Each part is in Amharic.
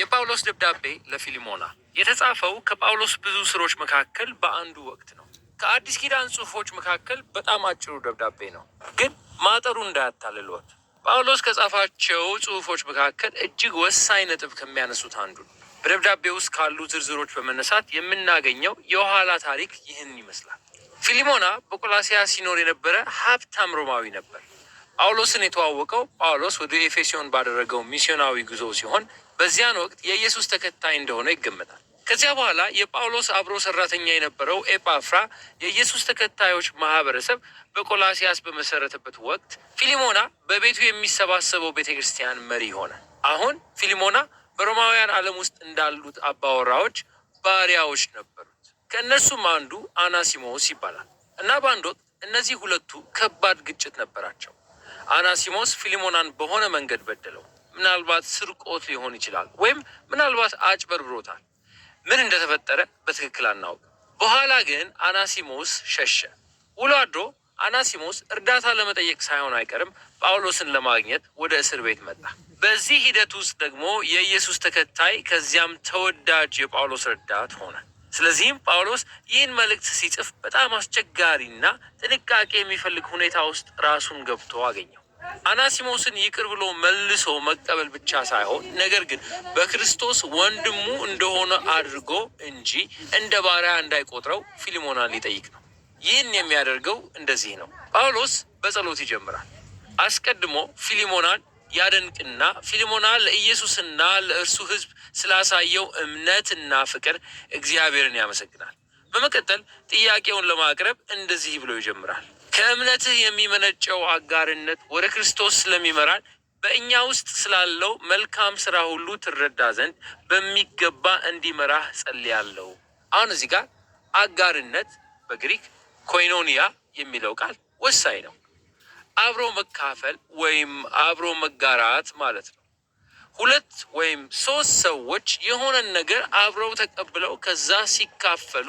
የጳውሎስ ደብዳቤ ለፊሊሞና የተጻፈው ከጳውሎስ ብዙ ስሮች መካከል በአንዱ ወቅት ነው። ከአዲስ ኪዳን ጽሑፎች መካከል በጣም አጭሩ ደብዳቤ ነው፣ ግን ማጠሩ እንዳያታልሎት ጳውሎስ ከጻፋቸው ጽሁፎች መካከል እጅግ ወሳኝ ነጥብ ከሚያነሱት አንዱ ነው። በደብዳቤ ውስጥ ካሉ ዝርዝሮች በመነሳት የምናገኘው የኋላ ታሪክ ይህን ይመስላል። ፊሊሞና በቆላሲያ ሲኖር የነበረ ሀብታም ሮማዊ ነበር። ጳውሎስን የተዋወቀው ጳውሎስ ወደ ኤፌሲዮን ባደረገው ሚስዮናዊ ጉዞ ሲሆን በዚያን ወቅት የኢየሱስ ተከታይ እንደሆነ ይገመታል። ከዚያ በኋላ የጳውሎስ አብሮ ሰራተኛ የነበረው ኤጳፍራ የኢየሱስ ተከታዮች ማህበረሰብ በቆላሲያስ በመሰረተበት ወቅት ፊሊሞና በቤቱ የሚሰባሰበው ቤተ ክርስቲያን መሪ ሆነ። አሁን ፊሊሞና በሮማውያን ዓለም ውስጥ እንዳሉት አባወራዎች ባሪያዎች ነበሩት። ከእነርሱም አንዱ አናሲሞስ ይባላል እና በአንድ ወቅት እነዚህ ሁለቱ ከባድ ግጭት ነበራቸው። አናሲሞስ ፊሊሞናን በሆነ መንገድ በደለው። ምናልባት ስርቆት ሊሆን ይችላል፣ ወይም ምናልባት አጭበርብሮታል። ምን እንደተፈጠረ በትክክል አናውቅ። በኋላ ግን አናሲሞስ ሸሸ። ውሎ አድሮ አናሲሞስ እርዳታ ለመጠየቅ ሳይሆን አይቀርም ጳውሎስን ለማግኘት ወደ እስር ቤት መጣ። በዚህ ሂደት ውስጥ ደግሞ የኢየሱስ ተከታይ ከዚያም ተወዳጅ የጳውሎስ ረዳት ሆነ። ስለዚህም ጳውሎስ ይህን መልእክት ሲጽፍ በጣም አስቸጋሪና ጥንቃቄ የሚፈልግ ሁኔታ ውስጥ ራሱን ገብቶ አገኘው። አናሲሞስን ይቅር ብሎ መልሶ መቀበል ብቻ ሳይሆን ነገር ግን በክርስቶስ ወንድሙ እንደሆነ አድርጎ እንጂ እንደ ባሪያ እንዳይቆጥረው ፊሊሞናን ሊጠይቅ ነው። ይህን የሚያደርገው እንደዚህ ነው። ጳውሎስ በጸሎት ይጀምራል። አስቀድሞ ፊሊሞናን ያደንቅና ፊሊሞና ለኢየሱስና ለእርሱ ሕዝብ ስላሳየው እምነትና ፍቅር እግዚአብሔርን ያመሰግናል። በመቀጠል ጥያቄውን ለማቅረብ እንደዚህ ብሎ ይጀምራል። ከእምነትህ የሚመነጨው አጋርነት ወደ ክርስቶስ ስለሚመራን በእኛ ውስጥ ስላለው መልካም ስራ ሁሉ ትረዳ ዘንድ በሚገባ እንዲመራህ ጸልያለሁ። አሁን እዚህ ጋር አጋርነት በግሪክ ኮይኖኒያ የሚለው ቃል ወሳኝ ነው። አብሮ መካፈል ወይም አብሮ መጋራት ማለት ነው። ሁለት ወይም ሶስት ሰዎች የሆነን ነገር አብረው ተቀብለው ከዛ ሲካፈሉ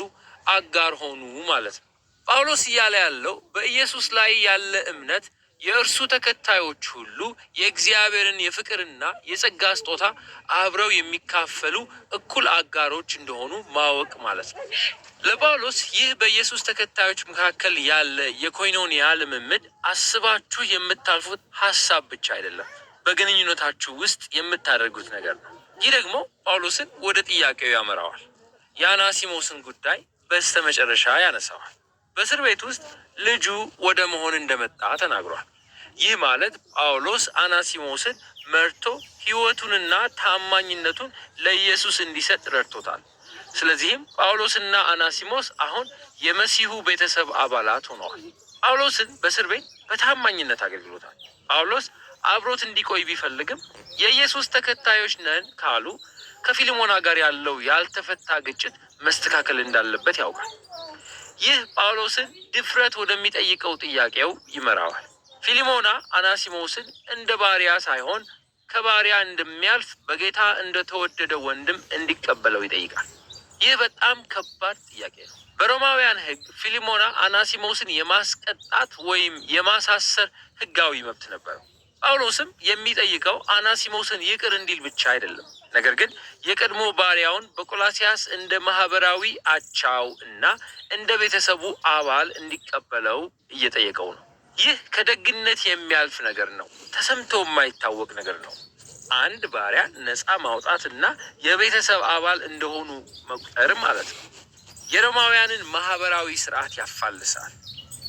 አጋር ሆኑ ማለት ነው። ጳውሎስ እያለ ያለው በኢየሱስ ላይ ያለ እምነት የእርሱ ተከታዮች ሁሉ የእግዚአብሔርን የፍቅርና የጸጋ ስጦታ አብረው የሚካፈሉ እኩል አጋሮች እንደሆኑ ማወቅ ማለት ነው። ለጳውሎስ ይህ በኢየሱስ ተከታዮች መካከል ያለ የኮይኖንያ ልምምድ አስባችሁ የምታልፉት ሀሳብ ብቻ አይደለም፣ በግንኙነታችሁ ውስጥ የምታደርጉት ነገር ነው። ይህ ደግሞ ጳውሎስን ወደ ጥያቄው ያመራዋል። የአናሲሞስን ጉዳይ በስተመጨረሻ ያነሳዋል። በእስር ቤት ውስጥ ልጁ ወደ መሆን እንደመጣ ተናግሯል። ይህ ማለት ጳውሎስ አናሲሞስን መርቶ ሕይወቱንና ታማኝነቱን ለኢየሱስ እንዲሰጥ ረድቶታል። ስለዚህም ጳውሎስና አናሲሞስ አሁን የመሲሁ ቤተሰብ አባላት ሆነዋል። ጳውሎስን በእስር ቤት በታማኝነት አገልግሎታል። ጳውሎስ አብሮት እንዲቆይ ቢፈልግም የኢየሱስ ተከታዮች ነን ካሉ ከፊልሞና ጋር ያለው ያልተፈታ ግጭት መስተካከል እንዳለበት ያውቃል። ይህ ጳውሎስን ድፍረት ወደሚጠይቀው ጥያቄው ይመራዋል። ፊሊሞና አናሲሞስን እንደ ባሪያ ሳይሆን ከባሪያ እንደሚያልፍ በጌታ እንደተወደደ ወንድም እንዲቀበለው ይጠይቃል። ይህ በጣም ከባድ ጥያቄ ነው። በሮማውያን ሕግ ፊሊሞና አናሲሞስን የማስቀጣት ወይም የማሳሰር ሕጋዊ መብት ነበረው። ጳውሎስም የሚጠይቀው አናሲሞስን ይቅር እንዲል ብቻ አይደለም፣ ነገር ግን የቀድሞ ባሪያውን በቆላሲያስ እንደ ማህበራዊ አቻው እና እንደ ቤተሰቡ አባል እንዲቀበለው እየጠየቀው ነው። ይህ ከደግነት የሚያልፍ ነገር ነው፣ ተሰምቶ የማይታወቅ ነገር ነው። አንድ ባሪያ ነፃ ማውጣት እና የቤተሰብ አባል እንደሆኑ መቁጠር ማለት ነው። የሮማውያንን ማህበራዊ ስርዓት ያፋልሳል።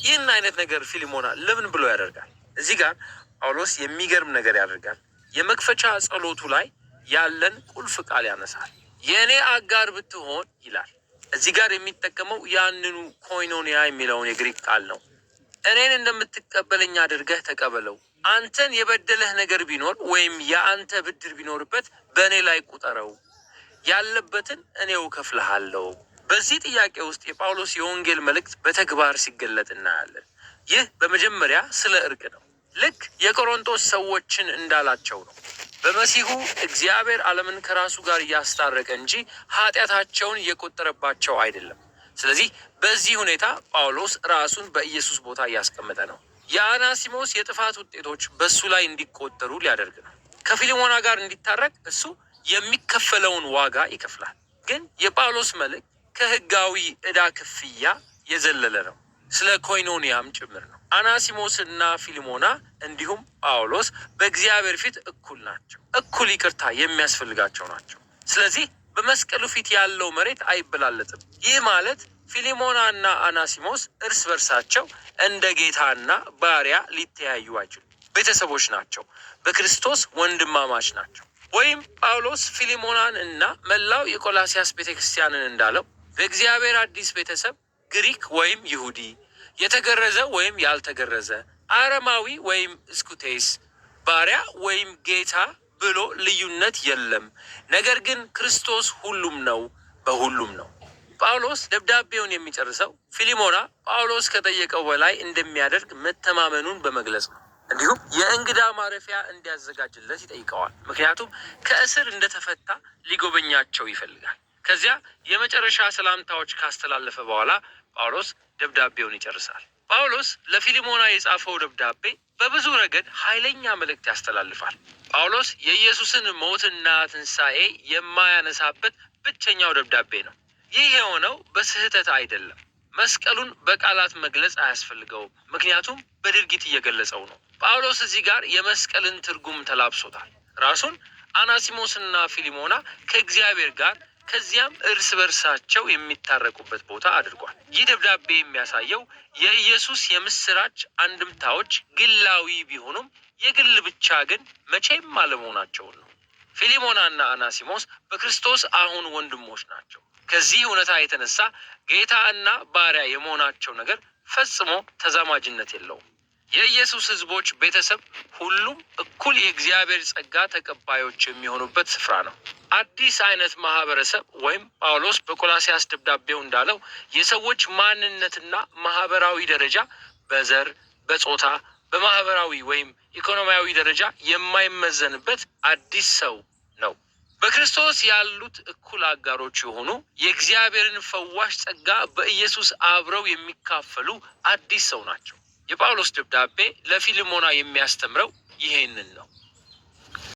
ይህን አይነት ነገር ፊልሞና ለምን ብሎ ያደርጋል? እዚህ ጋር ጳውሎስ የሚገርም ነገር ያደርጋል። የመክፈቻ ጸሎቱ ላይ ያለን ቁልፍ ቃል ያነሳል። የእኔ አጋር ብትሆን ይላል። እዚህ ጋር የሚጠቀመው ያንኑ ኮይኖኒያ የሚለውን የግሪክ ቃል ነው። እኔን እንደምትቀበለኝ አድርገህ ተቀበለው። አንተን የበደለህ ነገር ቢኖር ወይም የአንተ ብድር ቢኖርበት በእኔ ላይ ቁጠረው፣ ያለበትን እኔው እከፍልሃለሁ። በዚህ ጥያቄ ውስጥ የጳውሎስ የወንጌል መልእክት በተግባር ሲገለጥ እናያለን። ይህ በመጀመሪያ ስለ እርቅ ነው። ልክ የቆሮንቶስ ሰዎችን እንዳላቸው ነው። በመሲሁ እግዚአብሔር ዓለምን ከራሱ ጋር እያስታረቀ እንጂ ኃጢአታቸውን እየቆጠረባቸው አይደለም። ስለዚህ በዚህ ሁኔታ ጳውሎስ ራሱን በኢየሱስ ቦታ እያስቀመጠ ነው። የአናሲሞስ የጥፋት ውጤቶች በእሱ ላይ እንዲቆጠሩ ሊያደርግ ነው። ከፊልሞና ጋር እንዲታረቅ እሱ የሚከፈለውን ዋጋ ይከፍላል። ግን የጳውሎስ መልእክት ከህጋዊ ዕዳ ክፍያ የዘለለ ነው። ስለ ኮይኖኒያም ጭምር ነው። አናሲሞስ እና ፊሊሞና እንዲሁም ጳውሎስ በእግዚአብሔር ፊት እኩል ናቸው፣ እኩል ይቅርታ የሚያስፈልጋቸው ናቸው። ስለዚህ በመስቀሉ ፊት ያለው መሬት አይበላለጥም። ይህ ማለት ፊሊሞና እና አናሲሞስ እርስ በርሳቸው እንደ ጌታና ባሪያ ሊተያዩ አይችሉም። ቤተሰቦች ናቸው፣ በክርስቶስ ወንድማማች ናቸው። ወይም ጳውሎስ ፊሊሞናን እና መላው የቆላሲያስ ቤተክርስቲያንን እንዳለው በእግዚአብሔር አዲስ ቤተሰብ ግሪክ ወይም ይሁዲ፣ የተገረዘ ወይም ያልተገረዘ፣ አረማዊ ወይም እስኩቴስ፣ ባሪያ ወይም ጌታ ብሎ ልዩነት የለም። ነገር ግን ክርስቶስ ሁሉም ነው፣ በሁሉም ነው። ጳውሎስ ደብዳቤውን የሚጨርሰው ፊሊሞና ጳውሎስ ከጠየቀው በላይ እንደሚያደርግ መተማመኑን በመግለጽ ነው። እንዲሁም የእንግዳ ማረፊያ እንዲያዘጋጅለት ይጠይቀዋል። ምክንያቱም ከእስር እንደተፈታ ሊጎበኛቸው ይፈልጋል። ከዚያ የመጨረሻ ሰላምታዎች ካስተላለፈ በኋላ ጳውሎስ ደብዳቤውን ይጨርሳል። ጳውሎስ ለፊሊሞና የጻፈው ደብዳቤ በብዙ ረገድ ኃይለኛ መልእክት ያስተላልፋል። ጳውሎስ የኢየሱስን ሞትና ትንሣኤ የማያነሳበት ብቸኛው ደብዳቤ ነው። ይህ የሆነው በስህተት አይደለም። መስቀሉን በቃላት መግለጽ አያስፈልገውም፣ ምክንያቱም በድርጊት እየገለጸው ነው። ጳውሎስ እዚህ ጋር የመስቀልን ትርጉም ተላብሶታል። ራሱን አናሲሞስና ፊሊሞና ከእግዚአብሔር ጋር ከዚያም እርስ በርሳቸው የሚታረቁበት ቦታ አድርጓል። ይህ ደብዳቤ የሚያሳየው የኢየሱስ የምስራች አንድምታዎች ግላዊ ቢሆኑም የግል ብቻ ግን መቼም አለመሆናቸውን ነው። ፊሊሞናና አናሲሞስ በክርስቶስ አሁን ወንድሞች ናቸው። ከዚህ እውነታ የተነሳ ጌታ እና ባሪያ የመሆናቸው ነገር ፈጽሞ ተዛማጅነት የለውም። የኢየሱስ ሕዝቦች ቤተሰብ ሁሉም እኩል የእግዚአብሔር ጸጋ ተቀባዮች የሚሆኑበት ስፍራ ነው። አዲስ አይነት ማህበረሰብ ወይም ጳውሎስ በቆላሲያስ ደብዳቤው እንዳለው የሰዎች ማንነትና ማህበራዊ ደረጃ በዘር፣ በጾታ፣ በማህበራዊ ወይም ኢኮኖሚያዊ ደረጃ የማይመዘንበት አዲስ ሰው ነው። በክርስቶስ ያሉት እኩል አጋሮች የሆኑ የእግዚአብሔርን ፈዋሽ ጸጋ በኢየሱስ አብረው የሚካፈሉ አዲስ ሰው ናቸው። የጳውሎስ ደብዳቤ ለፊልሞና የሚያስተምረው ይሄንን ነው።